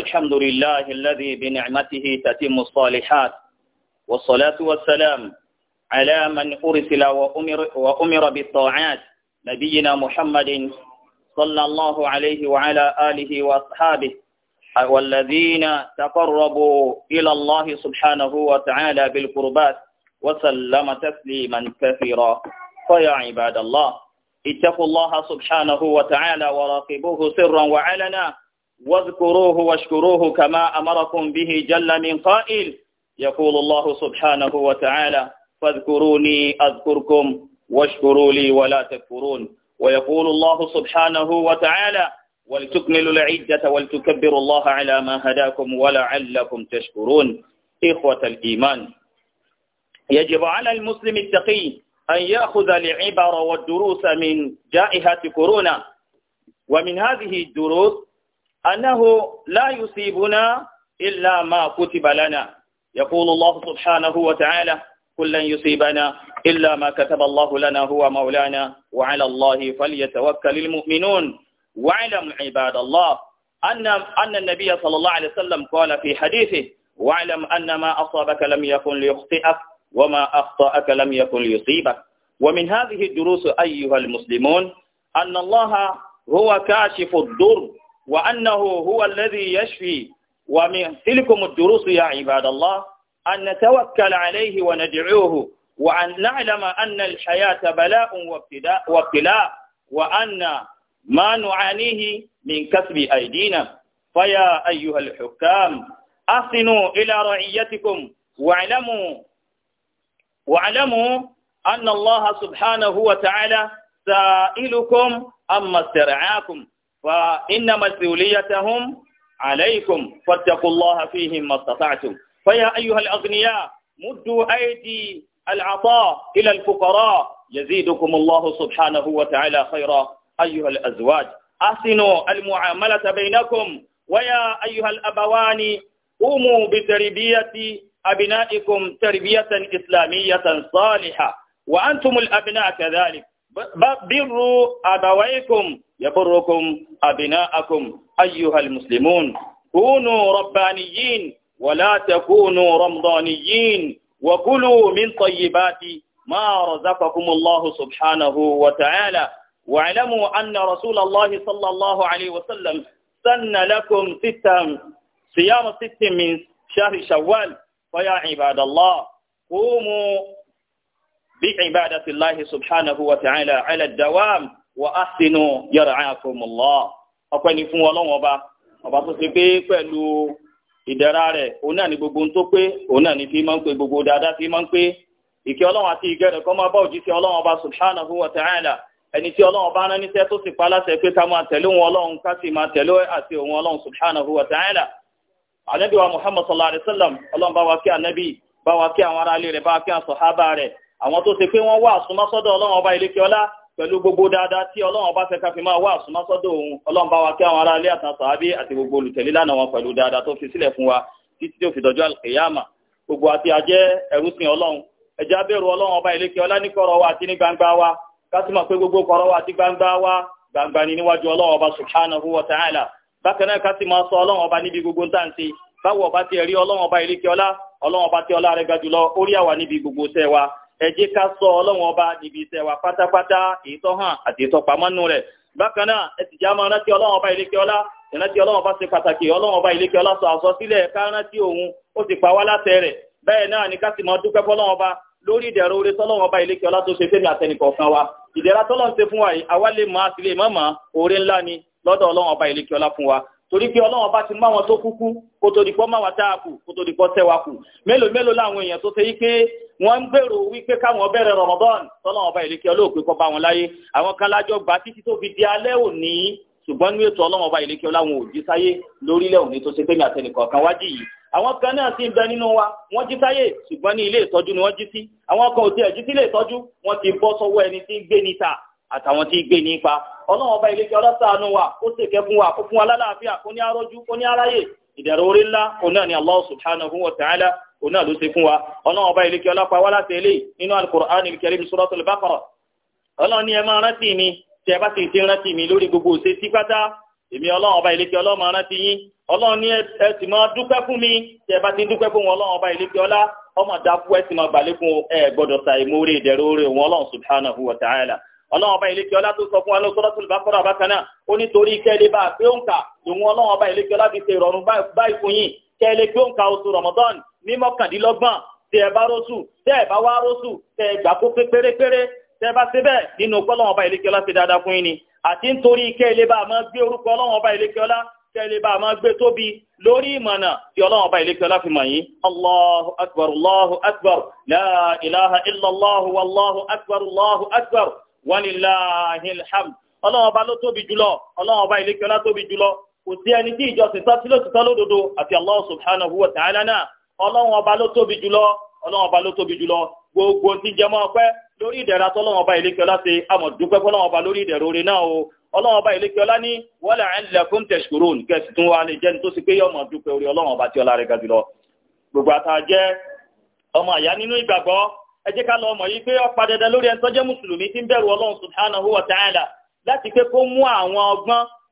الحمد لله الذي بنعمته تتم الصالحات والصلاة والسلام على من أرسل وأمر, وأمر بالطاعات نبينا محمد صلى الله عليه وعلى آله وأصحابه والذين تقربوا إلى الله سبحانه وتعالى بالقربات وسلم تسليما كثيرا فيا عباد الله اتقوا الله سبحانه وتعالى وراقبوه سرا وعلنا واذكروه واشكروه كما أمركم به جل من قائل يقول الله سبحانه وتعالى فاذكروني أذكركم واشكروا لي ولا تكفرون ويقول الله سبحانه وتعالى ولتكملوا العدة ولتكبروا الله على ما هداكم ولعلكم تشكرون إخوة الإيمان يجب على المسلم التقي أن يأخذ العبر والدروس من جائحة كورونا ومن هذه الدروس أنه لا يصيبنا إلا ما كتب لنا يقول الله سبحانه وتعالى كل يصيبنا إلا ما كتب الله لنا هو مولانا وعلى الله فليتوكل المؤمنون واعلم عباد الله أن أن النبي صلى الله عليه وسلم قال في حديثه واعلم أن ما أصابك لم يكن ليخطئك وما أخطأك لم يكن ليصيبك ومن هذه الدروس أيها المسلمون أن الله هو كاشف الضر وأنه هو الذي يشفي ومن تلكم الدروس يا عباد الله أن نتوكل عليه وندعوه وأن نعلم أن الحياة بلاء وابتلاء وأن ما نعانيه من كسب أيدينا فيا أيها الحكام أحسنوا إلى رعيتكم واعلموا واعلموا أن الله سبحانه وتعالى سائلكم أما استرعاكم فإن مسؤوليتهم عليكم فاتقوا الله فيهم ما استطعتم فيا أيها الأغنياء مدوا أيدي العطاء إلى الفقراء يزيدكم الله سبحانه وتعالى خيرا أيها الأزواج أحسنوا المعاملة بينكم ويا أيها الأبوان قوموا بتربية أبنائكم تربية إسلامية صالحة وأنتم الأبناء كذلك بروا أبويكم يبركم أبناءكم أيها المسلمون كونوا ربانيين ولا تكونوا رمضانيين وكلوا من طيبات ما رزقكم الله سبحانه وتعالى واعلموا أن رسول الله صلى الله عليه وسلم سن لكم ستا صيام ست من شهر شوال فيا عباد الله قوموا بعبادة الله سبحانه وتعالى على الدوام wa asinu yar'akumullah ọpẹ́ ni fún Ọlọ́run ọba ọba tó ṣe pé pẹ̀lú ìdẹ̀ra rẹ̀ òun náà ni gbogbo ń tó pé òun náà ni fi máa ń pé gbogbo dáadáa fi máa ń pé ìkẹ́ Ọlọ́run àti ìgẹ́ rẹ̀ re máa bá òjíṣẹ́ Ọlọ́run ọba subhanahu wa ta'ala ẹni tí ọlọ́run bá rán níṣẹ́ tó sì pa láṣẹ pé ká máa tẹ̀lé òun wa anabi wa muhammad sallallahu alayhi wa sallam anabi bá wa kí àwọn pẹ̀lú gbogbo dáadáa tí ọlọ́run bá fẹ́ ká fi máa wá àsùnmọ́sọ́dọ̀ òun ọlọ́run bá wa kí àwọn ará ilé àtàn sàábí àti gbogbo olùtẹ̀lé lánàá wọn pẹ̀lú dáadáa tó fi sílẹ̀ fún wa títí tí ó fi dọjọ́ àlùkìyàmà gbogbo àti àjẹ́ ẹrúsìn ọlọ́run ẹ̀já bẹ̀rù ọlọ́run ọba ìlékè ọlá ní kọ̀rọ̀ wa àti ní gbangba wa ká pé gbogbo kọ̀rọ̀ wa àti gbangba wa gbangba ni níwájú ọlọ́run ọba subhanahu wa ta'ala bákan náà ká sì máa sọ ọlọ́run ọba níbi gbogbo tá à ń ṣe báwo ọba ti ẹ̀rí ọlọ́run ọba ìlékè ẹ jẹ́ ká sọ ọlọ́run ọba níbi iṣẹ́ wa pátápátá èyí tó hàn àti èyí tó pamọ́ nù rẹ̀ bákan náà ẹ sì já máa rántí ọlọ́run ọba ìlékè ọlá ìrántí ọlọ́run ọba ṣe pàtàkì ọlọ́run ọba ìlékè ọlá sọ àsọsílẹ̀ ká rántí òun ó sì pa wá láṣẹ rẹ̀ bẹ́ẹ̀ náà ni ká sì máa dúpẹ́ fọlọ́run ọba lórí ìdẹ̀rọ orí tọ́lọ́wọ́n ọba ìlékè ọlá tó ṣe fẹ́mi àtẹnìkọ̀ọ̀kan wa ìdẹ̀ra tọ́lọ́run ṣe fún wa yìí àwa lè máa sì lè má máa oore ńlá ni lọ́dọ̀ ọlọ́run ọba ìlékè ọlá fún wa torí pé ọlọ́run ọba ti mú àwọn tó kúkú kó di pọ́ máa wá tá a kù kó di pọ́ tẹ́ wa kù mélòó mélòó láwọn èèyàn tó ṣe yí pé wọ́n ń gbèrò wípé káwọn bẹ̀rẹ̀ rọmọdọ́n tọ́lọ́ ọba ìlékè olóògbé kọ́ bá wọn láyé àwọn kan lájọ gbà títí tó fi di alẹ́ òní ṣùgbọ́n ní ètò ọlọ́wọ́n ọba ìlékè láwọn ò jí sáyé òní tó ṣe pé ní kan wájì yìí àwọn kan náà sì ń bẹ nínú wa wọ́n jí sáyé ní ilé ìtọ́jú ni wọ́n jí sí àwọn kan ò tiẹ̀ jí sí ilé ìtọ́jú wọ́n ti bọ́ sọ́wọ́ ẹni tí ń gbé níta àtàwọn tí ń gbé nípa ọlọ́wọ́n ọba ìlékè ọlọ́sàánú wa kó ṣèkẹ́ fún wa kó fún wa lálàáfíà kó ní arójú kó ní aráyè ìdẹ̀rù orí ńlá òun náà ni Allah subhanahu wa ta'ala òun náà ló ṣe fún wa ọlọ́run ọba ìlékè ọlọ́pàá wá láti eléyìí nínú al-Qur'an al-Karim Suratul Baqara ọlọ́run ní ẹ máa rántí mi tí ẹ bá sì ti rántí mi lórí gbogbo òṣè tí pátá èmi ọlọ́run ọba ìlékè ọlọ́run rántí yín ọlọ́run ní ẹ sì máa dúpẹ́ fún mi tí ẹ bá ti dúpẹ́ fún wọn ọlọ́run ọba ìlékè ọlá ọmọ dákú ẹ sì máa gbàlẹ́ fún ẹ gbọ́dọ̀ ọlọ́run subhanahu wa ta'ala ọlọ́run ọba ìlékè ọlá tó sọ fún wa lọ Suratul Baqara bákan náà ó nítorí kẹ́lẹ́ bá a pé ó ń kà lòun ọlọ́run ọba ìlékè ọlá fi ṣe ìrọ̀rùn báyìí fún yín tẹ́ ẹ lè gbé òǹkà oṣù Ramadan ní mọ́kàndínlọ́gbọ̀n tẹ́ ẹ bá rọ́ṣù tẹ́ ẹ bá wá rọ́ṣù tẹ́ ẹ gbà kó pé pérépéré tẹ́ ẹ bá ṣe bẹ́ẹ̀ nínú ọpọlọ́wọ́n ọba ìlékiọlá ṣe dáadáa fún yín ni àti nítorí kẹ́ ẹ lè bá máa gbé orúkọ ọlọ́wọ́n ọba ìlékiọlá kẹ́ ẹ lè bá máa gbé tóbi lórí ìmọ̀nà tí ọlọ́wọ́n ọba ìlékiọlá fi mọ̀ yín allahu akbar allahu akbar la ilaha illallah kò sí ẹni tí ìjọsìn si sí lótìtọ́ lódodo àti Allah subhana wa ta'ala náà ọlọ́run ọba ló tóbi jùlọ ọlọ́run ọba ló tóbi jùlọ gbogbo ti jẹmọ́ ọpẹ́ lórí ìdẹ̀ra tọ́lọ́run ọba ìlékẹ́ ọlá ṣe àmọ̀dúpẹ́ fọlọ́run ọba lórí ìdẹ̀ra orin náà o ọlọ́run ọba ìlékẹ́ ọlá ní wọ́lẹ̀ ẹ̀ńlẹ̀kùn tẹ̀sùkúrún kẹsì tún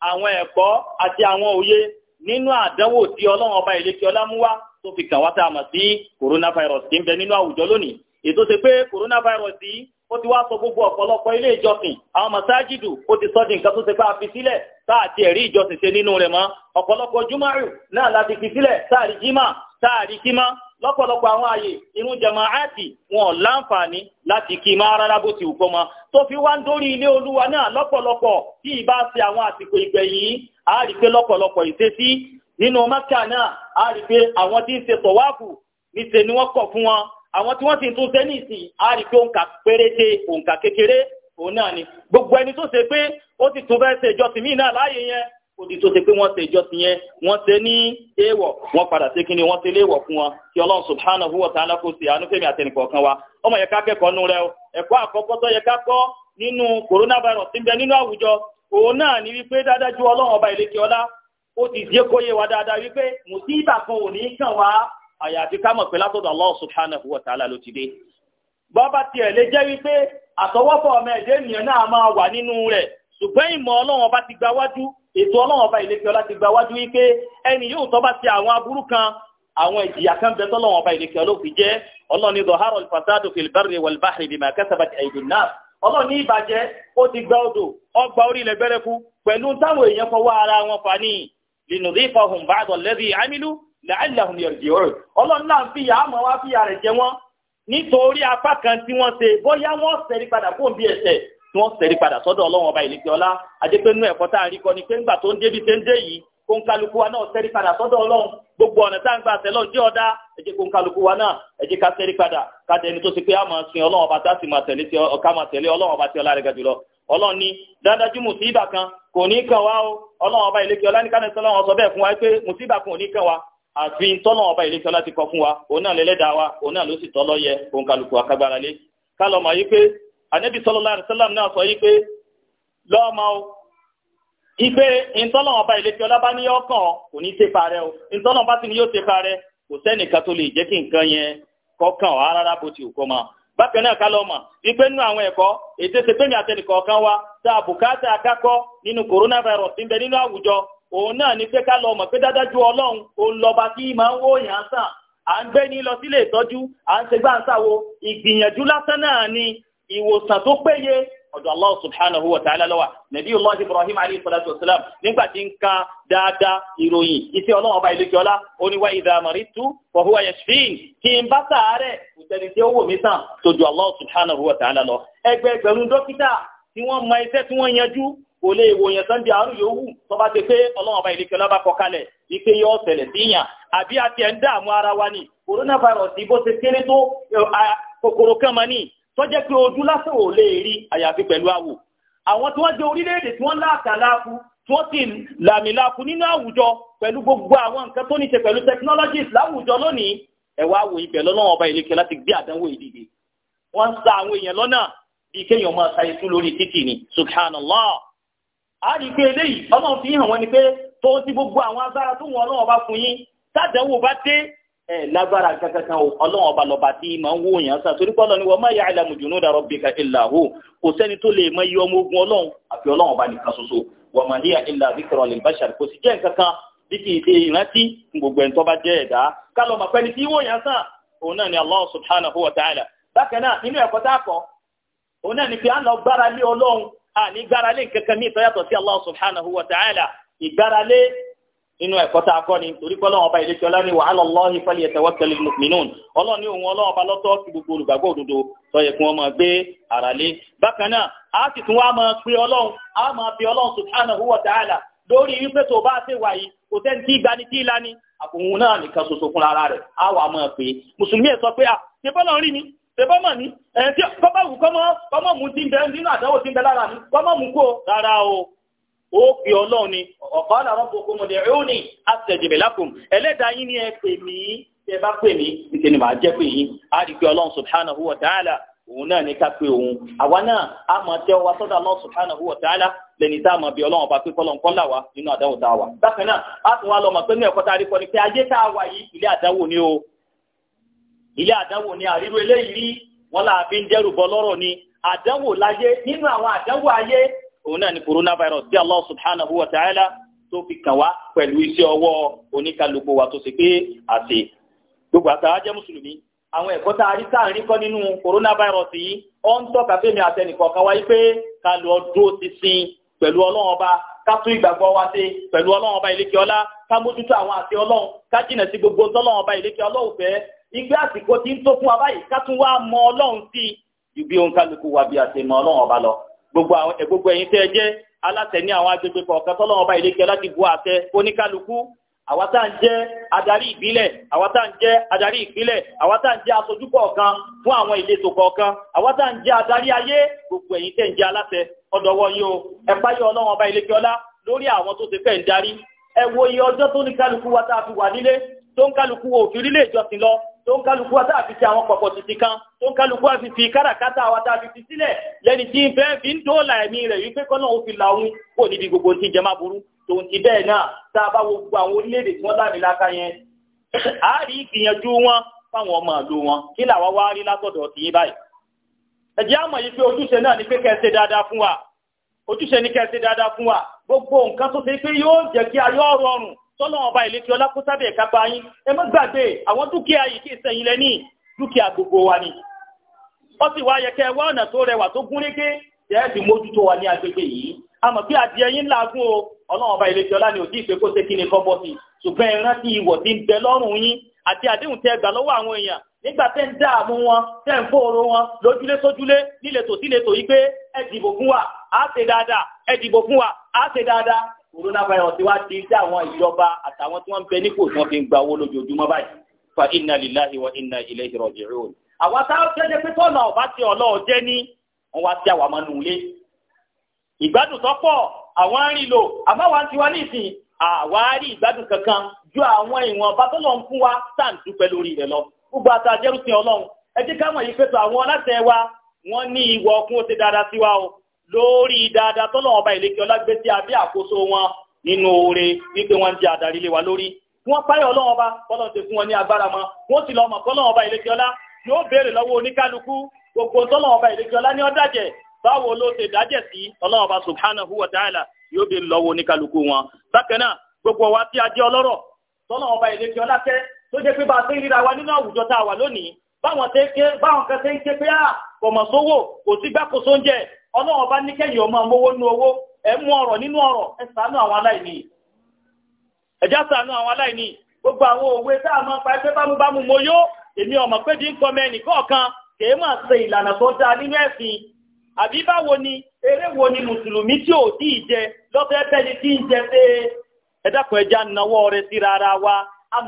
àwọn ẹ̀kọ́ àti àwọn òye nínú àdánwò tí ọlọ́run ọba ìlékè ọlá mú wá tó fi kàn wá tá a mọ̀ sí coronavirus tí ń bẹ nínú àwùjọ lónìí ètò ṣe pé coronavirus yìí ó ti wá sọ gbogbo ọ̀pọ̀lọpọ̀ ilé ìjọsìn àwọn mọ̀sáàjìdù ó ti sọ di nǹkan tó ṣe pé a fi sílẹ̀ táàtì ẹ̀rí ìjọsìn ṣe nínú rẹ̀ mọ́ ọ̀pọ̀lọpọ̀ jùmọ̀rù náà láti fi sílẹ̀ táàrí jímà táàrí kímọ́ lọ́pọ̀lọpọ̀ àwọn ààyè irun jamaati wọn láǹfààní láti kí máa rárá bó ti wùkọ́ ma tó fi wá ń dórí ilé olúwa náà lọ́pọ̀lọpọ̀ tí ì bá ṣe àwọn àsìkò ìgbẹ̀yìn a lọ́pọ̀lọpọ̀ ìṣesí nínú Mákà náà a àwọn tí ń ṣe tọ̀wáàfù níṣe ni wọ́n kọ̀ fún wọn àwọn tí wọ́n ti tún ṣe nísìn a rí pé òǹkà péréte òǹkà kékeré òun náà ni gbogbo ẹni tó ṣe pé ó ti tún fẹ́ ṣe ìjọsìn míì náà láàyè yẹn odi tó ṣe pé wọ́n ṣe ìjọ tiyẹn wọ́n ṣe ní èèwọ̀ wọ́n padà ṣe kí ni wọ́n ṣe léèwọ̀ fún wọn kí ọlọ́run subhanahu wa ta'ala kó ṣe àánú fẹ́mi àtẹnìkọ̀ kan wa ọmọ yẹ ká kẹ́kọ̀ọ́ nú rẹ o ẹ̀kọ́ àkọ́kọ́ tó yẹ ká kọ́ nínú coronavirus ti bẹ nínú àwùjọ òun náà ni wípé dáadáa ju ọlọ́run ọba ìlẹ́kì ọlá ó ti jẹ́ kó yé wa dáadáa wípé mùsíbà kan ò Allah subhanahu wa ta'ala ló ti dé bọ́bá tiẹ̀ lè jẹ́ wípé àtọwọ́fọ̀ ọmọ ẹ̀dẹ́ ènìyàn náà máa ṣùgbọ́n ìmọ̀ ọlọ́run ọba ti gba wájú ètò ọlọ́run ọba ìlẹ́kì ọlá ti gba wájú wípé ẹni yóò tọ́ bá ti àwọn aburú kan àwọn ìjìyà kan bẹ tọ́lọ́run ọba ìlẹ́kì ọlọ́fi jẹ́ ọlọ́run ní zọ̀hárọ̀ alfasádù fìlbárì wàlbáhì bímà kásábàtì àìdùn náà ọlọ́run ní ìbàjẹ́ ó ti gba odò ọgbà orí ilẹ̀ gbẹ́rẹ́kú pẹ̀lú táwọn èèyàn fọwọ́ ara wọn fà ní linudhifahum ba'da alladhi amilu la'allahum yarji'un ọlọ́run náà fìyà àmọ́ tí wọ́n sẹ̀rí padà sọ́dọ̀ ọlọ́run ọba ìlẹ́kẹ́ ọlá adépẹ́nu ẹ̀kọ́ tá a rí kọ́ ni pé ńgbà tó ń débi tẹ́ ń dé yìí kó ń kálukú wa náà sọ́dọ̀ ọlọ́run gbogbo ọ̀nà tá ń gbà ọ̀dá wa náà ká a sin ọlọ́run ọba tá a sì máa tẹ̀lé ọlọ́run ọba tí ọlá rẹ̀ ga jùlọ ọlọ́run ni mùsíbà kan kò ní kàn wá o ọlọ́run ọba ìlẹ́kẹ́ ọlá ní kánẹ́sì sọ bẹ́ẹ̀ fún wa pé mùsíbà kan ò ní ọba i sallallahu alaihi wasallam náà sọ yípe pé lọ́ọ̀mọ́ o ipe ọba ìlẹ́tì bá ní ọkàn kò ní ṣe parẹ́ o ìtọ́lọ̀ ọba sì ni yóò ṣe parẹ́ kò sẹ́nìkan tó lè jẹ́ kí nǹkan yẹn kọ́kàn ọ rárá bó ti bákan náà ká lọ nínú àwọn ètò wa tá a bùkátà nínú ń bẹ nínú àwùjọ òun náà ni pé ká lọ pé òun máa ń wó yàn sàn à ń ìwòsàn tó péye ọ̀dọ̀ Allah subhanahu wa ta'ala ló wà nàbí Allah Ibrahim alayhi salatu wa salam nígbà tí ń ka dáadáa ìròyìn iṣẹ́ ọlọ́run ọba ìlú kíọ́lá ó ní wa idha maritu fa huwa yashfin kí n bá sàárẹ̀ kò sẹ́ni tí ó wò mí sàn tó ju Allah subhanahu wa ta'ala lọ. ẹgbẹẹgbẹ̀rún dókítà tí wọ́n mọ iṣẹ́ tí wọ́n yanjú kò lè wòyàn sàn di àrùn yòówù tó bá ti pé ọlọ́run ọba ìlú kíọ́lá bá kọ kalẹ̀ wípé yóò ṣẹlẹ̀ síyàn àbí àti ẹ̀ ń dààmú ara wa ni coronavirus ìbò ti kéré tó kòkòrò kan mọ́ ni tó jẹ́ pé ojú lásán ò lè rí àyàfi pẹ̀lú awò àwọn tí wọ́n jẹ́ orílẹ̀-èdè tí wọ́n láàkà láàfù tí wọ́n sì làmì láàfù nínú àwùjọ pẹ̀lú gbogbo àwọn nǹkan tó ní ṣe pẹ̀lú technologies láwùjọ lónìí ẹ̀wọ́ àwò ibẹ̀ lọ́nà ọba ìlékẹ́ láti gbé àdánwò ìdìde wọ́n ń sa àwọn èèyàn lọ́nà bí kéèyàn máa sa ikú lórí títì ni subhanallah a rí i pé eléyìí ọlọ́run fi hàn wọ́n ni pé tó ti gbogbo àwọn agbára tó wọn ọlọ́run ọba fún yín tádẹ́wò bá dé ẹ lágbára kankan o ọlọ́run ọba lọ́ba tí màá wò yàn sá torí pé ọlọ́run wa ma ya'lamu junuda rabbika illa hu kò sẹ́ni tó lè mọ iye ọmọ ogun ọlọ́run àfi ọlọ́run ọba nìkan ṣoṣo wa ma hiya illa dhikra lil bashar kò sì jẹ́ nǹkankan bí kì í ṣe ìrántí gbogbo ẹ̀ńtọ́ bá jẹ́ ẹ̀dá kálọ̀ mà pẹ́ni tí wò yàn sá òun náà ni Allah subhanahu wa ta'ala bákan náà nínú ẹ̀kọ́ inú ẹ̀kọ́ tá a kọ́ ni torí pé ọlọ́run ọba ìlẹ́kẹ́ ọlá ní wa ala Allahi falyatawakkalil mu'minun ọlọ́run ní òun ọlọ́run ọba lọ́tọ́ sí gbogbo olùgbàgbọ́ òdodo sọyẹ kí wọ́n máa gbé ara lé. bákan náà a sì tún wá máa pe ọlọ́run a máa pe ọlọ́run subhanahu wa ta'ala lórí wípé tó bá ṣe wà yìí kò sẹ́ni tí ìgbani tí ìlani àkóhun náà nìkan ṣoṣo fúnra ara rẹ̀ á wà máa pe mùsùlùmí ẹ̀ sọ pé à ṣe bọ́lọ̀ rí mi ṣe bọ́mọ̀ ní ẹ̀ tí kọ́mọ̀ wù kọ́mọ̀ mú ti ń bẹ nínú àdánwò ti ń bẹ lára mi kọ́mọ̀ mú kó rárá o ó pè ọlọ́run ni ọ̀kọ́lá rabbukum ud'uni astajib lakum ẹlẹ́dàá yín ni ẹ pè mí ẹ bá pè mí níṣẹ́ ni màá jẹ́ pé yín á rí pé ọlọ́run subhanahu wa ta'ala òun náà ní ká pé òun àwa náà á máa tẹ́ wa sọ́dọ̀ wa lẹ́ni tá a máa bí ọlọ́run ọba pé kọ́lọ́n kọ́lá wa nínú àdáwò tá a bákan náà òun náà ni coronavirus tí Allah subhanahu wa ta'ala tó fi kàn wá pẹ̀lú iṣẹ́ ọwọ́ oníkálukú wa tó ṣe pé àṣe gbogbo àtàwá jẹ́ mùsùlùmí àwọn ẹ̀kọ́ tá a rí sáà rí kọ́ nínú coronavirus yìí ó ń tọ́ka fẹ́mi àtẹnìkọ̀ọ̀kan wáyé pé ká lọ dúró ti sin pẹ̀lú ọlọ́run ọba ká tún ìgbàgbọ́ wa ṣe pẹ̀lú ọlọ́run ọba ìlékè ọlá ká mójútó àwọn àti ọlọ́run ká jìnà sí gbogbo ọlọ́run ọba ìlékè ọlá òfẹ́ ìgbé àsìkò tí ń tó fún wa báyìí ká tún wá mọ ọlọ́run sí ibi òǹkálukú wa bí a mọ ọlọ́run ọba lọ gbogbo ẹgbogbo eh, gbogbo tẹ́ ẹ jẹ́ aláṣẹ ní àwọn agbègbè kọ̀ọ̀kan tọ́lọ́wọ́n bá ilé láti bu àṣẹ oníkálukú àwa tá ń jẹ́ adarí ìbílẹ̀ àwa tá ń jẹ́ adarí ìpínlẹ̀ àwa tá ń jẹ́ asojú kọ̀ọ̀kan fún àwọn ìletò àwa jẹ́ adarí ayé gbogbo ẹ̀yin tẹ́ ń jẹ́ aláṣẹ yìí o ẹ lórí àwọn tó ti fẹ́ ń darí tó ń kálukú wa táà fi ti àwọn pọ̀pọ̀ títí kan tó ń kálukú wa fi fi káràkátà wa táà fi ti sílẹ̀ lẹ́ni tí ń fẹ́ fi ń dóòlà ẹ̀mí rẹ̀ wípé kọ́nà ó fi làwọn kò níbi gbogbo ti jẹ má burú tòun ti bẹ́ẹ̀ náà tá a bá wo gbogbo àwọn orílẹ̀-èdè tí wọ́n lámìlaka yẹn a rí ìgbìyànjú wọn fáwọn ọmọ ìlú wọn kí làwa wá rí látọ̀dọ̀ tì í báyìí ẹ á mọ̀ ni pé kẹ́ ẹ ṣe tọ́lọ́ ọba ìlékí ọlá kó sábẹ̀ ẹ̀ka bá yín ẹ má gbàgbé àwọn dúkìá yìí kì í sẹ́yìn lẹ́ní dúkìá gbogbo wa ni ó sì wá yẹ kẹ́ ẹ wá ọ̀nà tó rẹwà tó gún régé tẹ́ ẹ fi mójútó wa ní agbègbè yìí a mọ̀ adìẹ yín làágùn o ọlọ́run ọba ìlékí ọlá ni ò tí ì pé kó ṣe kí ni kọ́ bọ́ sí ṣùgbọ́n ẹ rántí ìwọ̀ tí ń bẹ lọ́rùn yín àti àdéhùn tẹ́ gbà lọ́wọ́ àwọn èèyàn nígbà tẹ́ ń dààmú wọn tẹ́ ń fòòró wọn lójúlé sójúlé níletò síletò yìí pé ẹ dìbò fún wa á ṣe dáadáa ẹ dìbò fún wa á ṣe dáadáa corona virus ti wá di sí àwọn ìjọba àtàwọn tí wọ́n ń bẹ nípò tí wọ́n fi ń gba owó lójoojúmọ́ báyìí fa inna lillahi wa inna ilayhi raji'un. àwa tá a jẹ́ pé tọ́nà ọ̀bá ti ọlọ́ọ̀ jẹ́ ní wọ́n wá sí àwa máa nù lé. ìgbádùn tó pọ̀ àwọn arìn lò àmọ́ wa ti wá ní ìsìn àwa rí ìgbádùn kankan ju àwọn ìwọ̀nba tó lọ ń fún wa sáǹtú pẹ̀lú orí rẹ̀ lọ. gbogbo àtàjẹ́rù sin ọlọ́run ẹ jẹ́ ká mọ̀ yìí pé tó àwọn aláṣẹ wa wọ́n ní ìwọ̀ ọkùn ó ti dáadáa sí wa o lórí dáadáa tọ́lọ̀ ọba ìlékè ọlá gbé sí abẹ́ àkóso wọn nínú oore wípé wọ́n ń jẹ́ adarí lé wa lórí wọ́n páyọ̀ ọlọ́wọ́n ọba bọ́lọ̀ ti fún wọn ní agbára mọ́ wọ́n sì lọ́mọ̀ bọ́lọ̀ ọba ìlékè ọlá yóò béèrè lọ́wọ́ oníkálukú gbogbo tọ́lọ̀ ọba ìlékè ọlá ní ọ̀dàjẹ́ báwo ló ṣe dájẹ́ sí ọlọ́wọ́n ọba subhanahu wa ta'ala yóò béèrè lọ́wọ́ oníkálukú wọn bákan náà gbogbo wa tí a jẹ́ ọlọ́rọ̀ tọ́lọ̀ ọba ìlékè ọlá kẹ́ tó jẹ́ pé bá a ṣe ríra wa ọlọ́run bá ní kẹ́yìn ọmọ amówó owó ẹ mú ọ̀rọ̀ nínú ọ̀rọ̀ ẹ àwọn aláìní ẹ já awọn àwọn aláìní gbogbo àwọn òwe tá a máa pa ẹgbẹ́ bámúbámú mo yó èmi ọmọ pé di ń kọ́ mẹ́rin kọ̀ọ̀kan máa ṣe ìlànà tó dáa nínú ẹ̀sìn àbí báwo ni eré wo ni mùsùlùmí tí ò tí ì jẹ lọ́fẹ́ tí ń jẹ pé ẹ dákun ẹja ara wa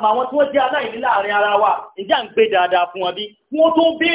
àwọn tí wọ́n jẹ́ aláìní láàrin ara wa ìjà ń gbé dáadáa fún wọn bí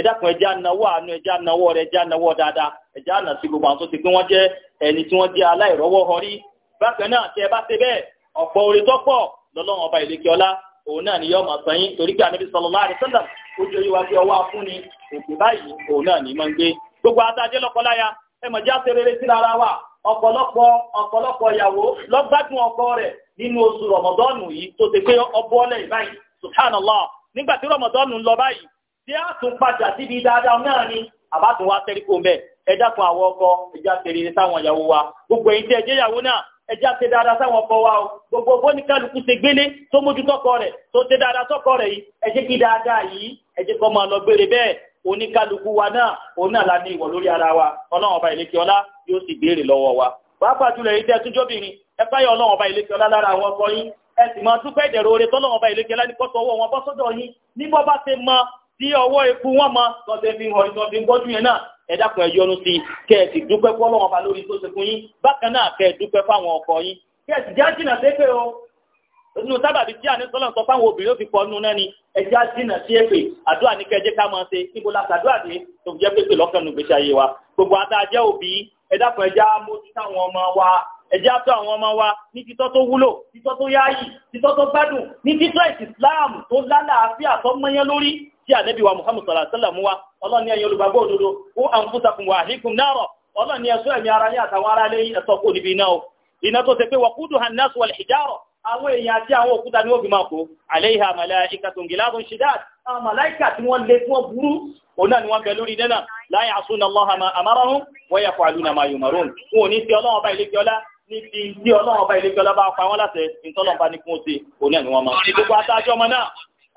ẹdákan ẹjẹ anáwó àánú ẹjẹ anáwó rẹ ẹjẹ anáwó dáadáa ẹjẹ àná sí gbogbo àwọn tó ti pé wọn jẹ ẹni tí wọn jẹ aláìrọ́wọ́ họrí bákan náà tí ẹ bá ṣe bẹ́ẹ̀ ọ̀pọ̀ orí tó pọ̀ lọ́lọ́run ọba ìlẹkẹ ọlá òun náà ni yóò máa sàn yín torí pé ànábi sallallahu alaihi wasallam ó jẹ orí wa pé afúnni òkè báyìí òun náà ni máa ń gbé gbogbo adájẹ lọ́kọláya ẹ mọ̀ já ṣe rere sí ara wa ọ̀pọ̀lọpọ̀ ọ̀pọ̀lọpọ̀ ìyàwó lọ́gbádùn ọkọ rẹ̀ nínú oṣù rọmọdọ́ọ̀nù yìí tó ti pé ọbọ̀ ọlẹ̀ báyìí subhanallah nígbà tí rọmọdọ́ọ̀nù ń lọ báyìí tí a tún padà síbi dáadáa náà ni àbá tún wá tẹ́ríkò mbẹ́ ẹ dákun àwọn ọkọ ẹjá tẹ̀lé ní sáwọn ìyàwó wa gbogbo èyí tí ẹ jẹ́ ìyàwó náà ẹjá tẹ dáadáa sáwọn ọkọ wa o gbogbo bóníkàlùkù ṣe gbélé tó mójú tọkọ rẹ̀ tó tẹ dáadáa tọkọ rẹ̀ yìí ẹ jẹ́ kí dáadáa yìí ẹ jẹ́ kó máa lọ gbére bẹ́ẹ̀ oníkálukú wa náà òun náà la ní ìwọ̀ lórí ara wa ọlọ́run ọba ìlékè ọlá yóò sì béèrè lọ́wọ́ wa pàápàá jùlọ èyí tẹ́ túnjọ́bìnrin ẹ fáyọ̀ ọlọ́run ọba ìlékè ọlá lára àwọn ọkọ yín ẹ sì máa dúpẹ́ ìdẹ̀rọ oore tọ́lọ́run ọba ìlékè ọlá ní kọ́sọ̀ ọwọ́ wọn bọ́ sọ́dọ̀ yín ní bọ́ bá ṣe mọ tí ọwọ́ epo wọn mọ tọ́sẹ̀ fi hàn ìtọ́ fi gbọ́dún yẹn náà ẹ dákun ẹ yọ́nú sí i kẹ́ ẹ sì dúpẹ́ fún ọlọ́wọ́n ba lórí tó ṣe fún yín bákan náà kẹ́ ẹ dúpẹ́ fáwọn ọkọ yín kẹ́ ẹ sì já jìnnà sékè o nínú sábàbí tí àní sọlọ́n sọ fáwọn obìnrin ó fi pọ̀ nù náà ni ẹ já jìnnà sí èpè àdúrà ní kẹjẹ ká máa ṣe níbo la ṣàdúrà dé tó fi jẹ́ pépè lọ́kàn nù gbèsè ayé wa gbogbo adájẹ́ òbí ẹ dákun ẹ já mójú táwọn ọmọ wa ẹjẹ́ àtọ́ àwọn ọmọ wa ní títọ́ tó wúlò títọ́ tó yááyì títọ́ tó gbádùn ní títọ́ ìsìláàmù tó lálàáfíà tó mọ́yán lórí tí ànábì wa muhammad sallallahu alaihi wasallam wa ọlọ́run ní ẹ̀yin olùgbàgbọ́ òdodo ó anfusakum wa ahlikum nara ọlọ́run ní ẹ̀sọ́ ẹ̀mí ara ní àtàwọn ará lẹ́yìn ẹ̀sọ́ kò níbi iná o iná tó ṣe pé waquduha an-nas wal hijara àwọn èèyàn àti àwọn òkúta ni wọ́n fi máa kó alayha malaikatun giladun shidad àwọn màláìkà tí wọ́n lé tí wọ́n burú òun náà ni wọ́n bẹ lórí nẹ́nà la ya'suna allaha ma amarahum wa yaf'aluna ma yu'marun wọn ò ní sí ọlọ́run ọba ìlẹ́kẹ́ ọlá níbi tí ọlọ́run ọba ìlẹ́kẹ́ ọlá bá pa wọ́n láṣẹ ìtọ́lọ́ba ní kún ó ṣe òun náà ni wọ́n máa ṣe gbogbo atájọ́ ọmọ náà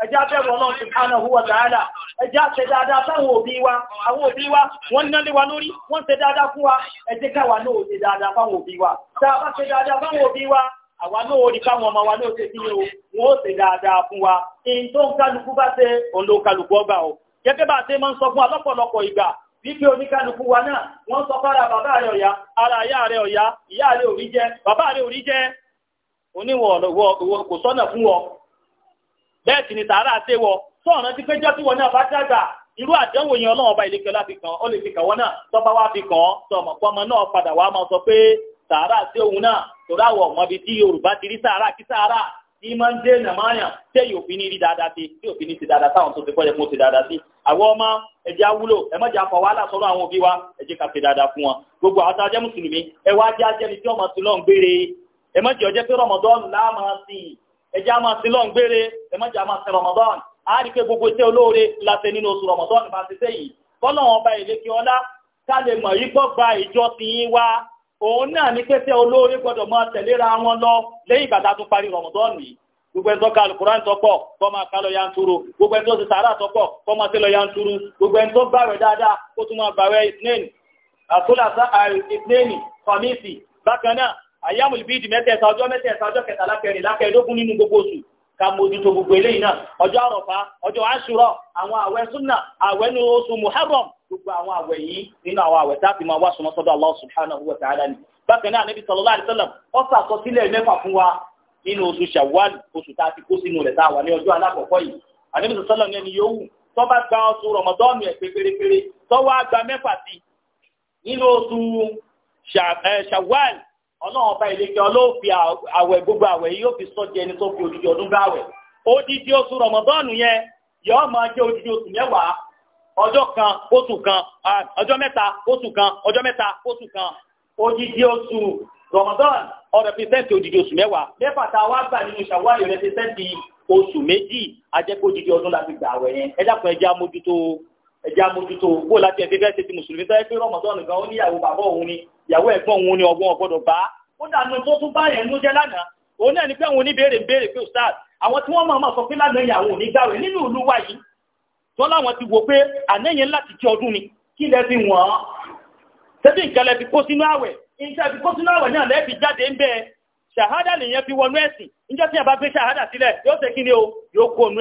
ẹjá bẹ̀rù ọlọ́run subhanahu wa ta'ala ẹjá ṣe dáadáa sáwọn òbí wa àwọn òbí wa wọ́n ná lé wa lórí wọ́n ṣe dáadáa fún wa ẹjẹ́ káwa náà ṣe fáwọn òbí wa tá a ṣe dáadáa fáwọn òbí wa àwa náà rí káwọn ọmọ wa náà ṣe sí o wọ́n ó ṣe dáadáa fún wa in tó ń kálukú bá ọgbà o gẹ́gẹ́ bá ṣe máa ń sọ fún ìgbà bẹ́ẹ̀ ni sàárà ṣe wọ sọ̀rọ̀ ti péjọ́ tí wọn náà bá dàgbà irú àdánwò yẹn ọlọ́wọ́n ọba ìlẹ́kẹ́ láti kàn ó lè fi kàn wọ́n náà tọ́ba wá fi kàn sọmọ pọ́nmọ náà padà wá máa sọ pé sàárà sí òun náà tòrá wọ̀ mọ́bi tí Yorùbá ti rí sàárà kí sàárà kí máa ń dé nàmáyà tẹ́ yóò fi ní rí dáadáa sí tí yóò fi ní ti dáadáa sáwọn tó ti kọ́ yẹ kó ti dáadáa sí. àwọn ọmọ ẹ̀jẹ̀ awúlò ẹ má jẹ́ afọ àwọn òbí wa ẹ jẹ́ dáadáa fún wọn. gbogbo àwọn tá a mùsùlùmí ẹ wá jẹ́ ajẹ́ni tí ọmọ ti lọ́n gbére ẹ má ọjẹ́ pé rọmọdọ́ọ̀nù láàmú sí i ẹjá máa sí lọ́n gbére ẹmọ́jà máa sí Ramadan a rí pé gbogbo iṣẹ́ olóore láti nínú oṣù Ramadan bá ti sẹ́yìn fọ́nà ọba ìlékè ọlá ká lè mọ̀ yí gbọ́ gba ìjọ ti yín wá òun náà ní pẹ́sẹ́ olóore gbọ́dọ̀ máa tẹ̀léra wọn lọ lẹ́yìn ìgbà tá a tún parí Ramadan yìí gbogbo ẹ̀ntọ́ ka alukuran tọ́pọ̀ kọ́ máa ka lọ yanturu gbogbo ẹ̀ntọ́ ti sàárà tọ́pọ̀ kọ́ máa ti lọ yanturu gbogbo ẹ̀ntọ́ gbàwẹ̀ dáadáa kó tún máa gbàwẹ̀ ìtìlẹ́nì àtúlàsá àìsìtìlẹ́nì kọ̀míìsì bákan náà àyàmù ìbíìdì mẹ́tẹ̀ẹ̀ta ọjọ́ mẹ́tẹ̀ẹ̀ta ọjọ́ kẹtàlá kẹrin lákẹẹ̀dógún nínú gbogbo oṣù ká n'inu gbogbo eléyìí náà ọjọ́ àrọ̀fá ọjọ́ àṣùrọ̀ àwọn àwẹ̀ súnà àwẹ̀ nínú oṣù gbogbo àwọn àwẹ̀ yìí nínú àwọn àwẹ̀ tá a fi máa wá súnmọ́ sọ́dọ̀ Allah subhanahu wa ta'ala ni bákan náà Nabi sallallahu alaihi wasallam ó sàkọsílẹ̀ fún wa nínú oṣù Shawwal oṣù tá a ti kó sínú rẹ̀ tá a wà ní ọjọ́ alákọ̀ọ́kọ́ yìí Nabi ni bá gba oṣù wá ọlọ́run ọba ìlẹ́kẹ́ ọlọ́ọ̀fi àwẹ̀ gbogbo àwẹ̀ yóò fi sọ jẹni tó fi odidi ọdún gbàwẹ̀ odidi oṣù rọmọdọ́ọ̀nù yẹn yóò máa jẹ́ odidi oṣù mẹ́wàá ọjọ́ kan oṣù kan ọjọ́ mẹ́ta oṣù kan ọjọ́ mẹ́ta oṣù kan odidi oṣù rọmọdọ́ọ̀nù ó rẹpẹsẹ́ǹtì odidi oṣù mẹ́wàá mẹ́fà tá a wá gbà nínú ṣàwárí rẹpẹsẹ́ǹtì oṣù méjì ajẹ́kọ̀ odidi ọdún la gbà àwẹ̀ yẹn ẹ dákun jẹ́ amójútó ẹja mójútó bó láti ẹbí fẹẹ ṣe ti mùsùlùmí tó yẹ pé rọmọdún nìkan ó níyàwó bàbá òun ni ìyàwó ẹ̀gbọ́n òun ni ọgbọ́n ọgbọ́dọ̀ bá ó dànù tó tún bá yẹn ń jẹ lánàá òun náà ni pé àwọn oníbèrè ń béèrè pé ustaz àwọn tí wọ́n máa máa sọ pé lánàá ìyàwó ò ní gbàwé nínú ìlú wa yìí tó láwọn ti wò pé ànẹ́yẹn láti jẹ ọdún ni kí lẹ fi wọ́n tẹ́bí nǹkan lẹ fi kó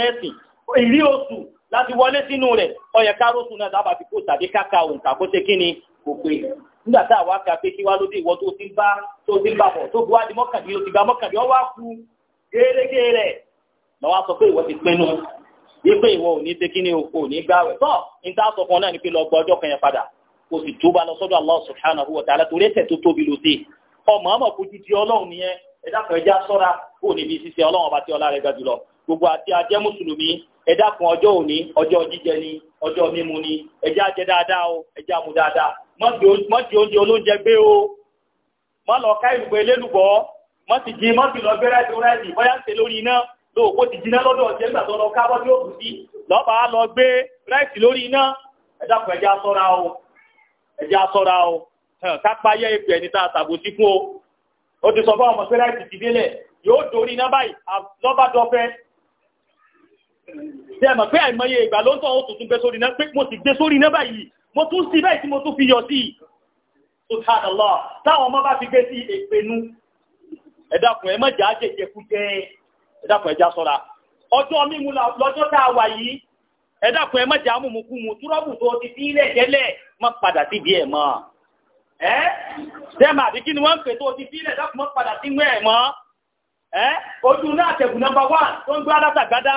sínú láti wọlé sínú rẹ̀ ọyẹ kárọ́sùn náà dábàá fi kó tàbí káka òǹkà kó ṣe kí ni kò pé nígbà tá a wá ka pé kí wá lóde ìwọ tó ti bá tó ti bá bọ̀ tó bu wá di mọ́kàndínlẹ́ tó ti gba mọ́kàndínlẹ́ ọwọ́ àkú gérégé rẹ̀ lọ́wọ́ sọ pé ìwọ ti pinnu wípé ìwọ ò ní ṣe kí ni o ní gbà rẹ̀ tọ́ níta sọ fún ọ náà ni pé lọ gba ọjọ́ kan yẹn padà kò sì túbà lọ sọ́dọ̀ Allah subhanahu wa ta'ala torí ẹ̀ṣẹ̀ tó tóbi ló dé ọmọ ọmọ fojú di Ọlọ́run nìyẹn ẹ̀dá kan ẹja sọ́ra kó o níbi ṣíṣe Ọlọ́run ọba tí ọlá rẹ̀ ga jùlọ gbogbo àti ajẹ́ mùsùlùmí ẹ dákun ọjọ́ òní ọjọ́ jíjẹ ni ọjọ́ mímu ni ẹjẹ́ ajẹ́ dáadáa o ẹjẹ́ amú dáadáa mọ́ ti oúnjẹ olóúnjẹ gbé o mọ́ lọ ká ìrùgbọ́ elélùbọ́ mọ́ ti jí mọ́ ti lọ gbé rẹ́ẹ̀dì rẹ́ẹ̀dì bóyá ń ṣe lórí iná lóòpó ti jiná lọ́dọ̀ ọ̀jẹ́ nígbà tó lọ kábọ́ tí ó kù sí lọ́ba á lọ gbé rẹ́ẹ̀sì lórí iná ẹ dákun ẹjẹ́ aṣọ́ra o ẹjẹ́ aṣọ́ra o kápáyé ìpè ẹni tá a ṣàbòsí fún o ó ti sọ fún ọmọ pé rẹ́ẹ̀sì ti délẹ̀ yóò dorí iná báyìí lọ́ba dọ́fẹ́ ṣe ẹ̀mọ̀ pé àìmọye ìgbà ló ń tọ́ ó tuntun gbé sórí náà pé mo sì gbé sórí náà báyìí mo tún sí báyìí tí mo tún fi yọ sí subhanallah táwọn ọmọ bá fi gbé sí èpénú ẹ dákun ẹ má jà á jẹjẹ kú jẹ ẹ dákun ẹ já sọ́ra ọjọ́ mímu lọ́jọ́ tá a wà yìí ẹ dákun ẹ má jà á mú kú mu túrọ́bù tó ti fi ilẹ̀ jẹ́lẹ̀ má padà sí bí ẹ̀ mọ́ ẹ dẹ́mà àbí kí ni wọ́n ń pè tó ti fi ilẹ̀ dákun má padà sí mú ẹ̀ mọ́ ẹ ojú náà tẹ̀gùn nọ́mbà wán tó ń gbé alátàgádá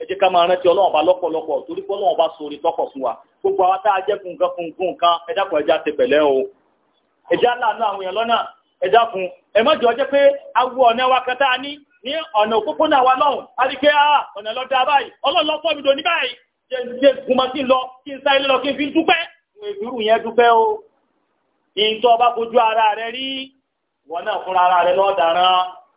ẹ jẹ́ ká máa rántí ọlọ́run bá lọ́pọ̀lọpọ̀ torí pé ọlọ́run bá sori tọkọ̀ fún wa gbogbo àwọn tá a jẹ́ fún nǹkan fún nǹkan ẹ dákun ẹ já ti pẹ̀lẹ́ o ẹ láàánú àwọn èèyàn lọ́nà ẹ dákun ẹ má jọ jẹ́ pé awo ọ̀nà wa kan tá a ní ní ọ̀nà òpópónà wa lọ́hùn á rí i pé ah, ọ̀nà lọ́dọ̀ báyìí ọlọ́run lọ fọ́ mi dò ní báyìí jẹ́ gùnmọ́ sí lọ kí n sá o ìyìn tó ọba fojú ara rẹ rí wọn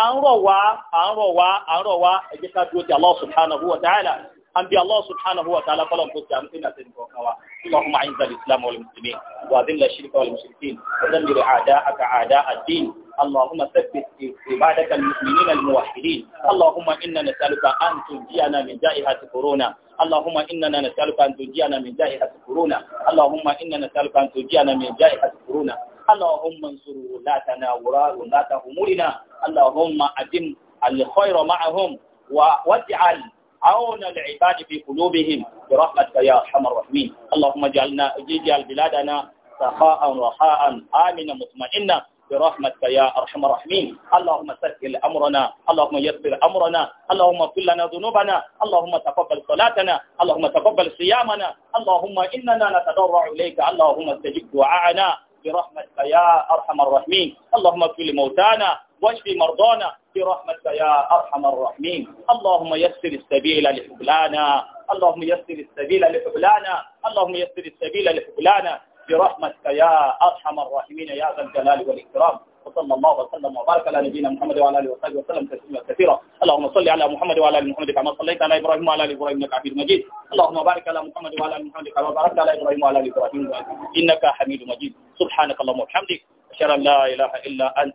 à ń rọ̀ wá à ń rọ̀ wá à ń rọ̀ wá ẹ jẹ́ ká dúró ti Allah subhanahu wa ta'ala أنبي الله سبحانه وتعالى فلم تسلم إن تنكوا اللهم أعز الإسلام والمسلمين وأذل الشرك والمشركين ودمر أعداءك أعداء الدين اللهم ثبت عبادك المؤمنين الموحدين اللهم إنا نسألك أن تنجينا من جائحة كورونا اللهم إننا نسألك أن تنجينا من جائحة كورونا اللهم إنا نسألك أن تنجينا من جائحة كورونا اللهم انصر ولاتنا ولاة أمورنا اللهم adim الخير معهم ma'ahum wa waj'al عون العباد في قلوبهم برحمتك يا أرحم الراحمين اللهم اجعلنا اجعل بلادنا سخاء رخاء امنا مطمئنا برحمتك يا أرحم الراحمين اللهم سهل أمرنا اللهم يسر أمرنا اللهم اغفر لنا ذنوبنا اللهم تقبل صلاتنا اللهم تقبل صيامنا اللهم إننا نتضرع اليك اللهم استجب دعاءنا برحمتك يا أرحم الراحمين اللهم اغفر لموتانا واشف مرضانا برحمتك يا أرحم الراحمين اللهم يسر السبيل لحبلانا اللهم يسر السبيل لحبلانا اللهم يسر السبيل لحبلانا برحمتك يا أرحم الراحمين يا ذا الجلال والإكرام وصلى الله وسلم وبارك على نبينا محمد وعلى اله وصحبه وسلم تسليما كثيرا اللهم صل على محمد وعلى ال محمد كما صليت على ابراهيم وعلى ال ابراهيم انك حميد مجيد اللهم بارك على محمد وعلى ال محمد كما باركت على ابراهيم وعلى ال ابراهيم انك حميد مجيد سبحانك اللهم وبحمدك اشهد ان لا اله الا انت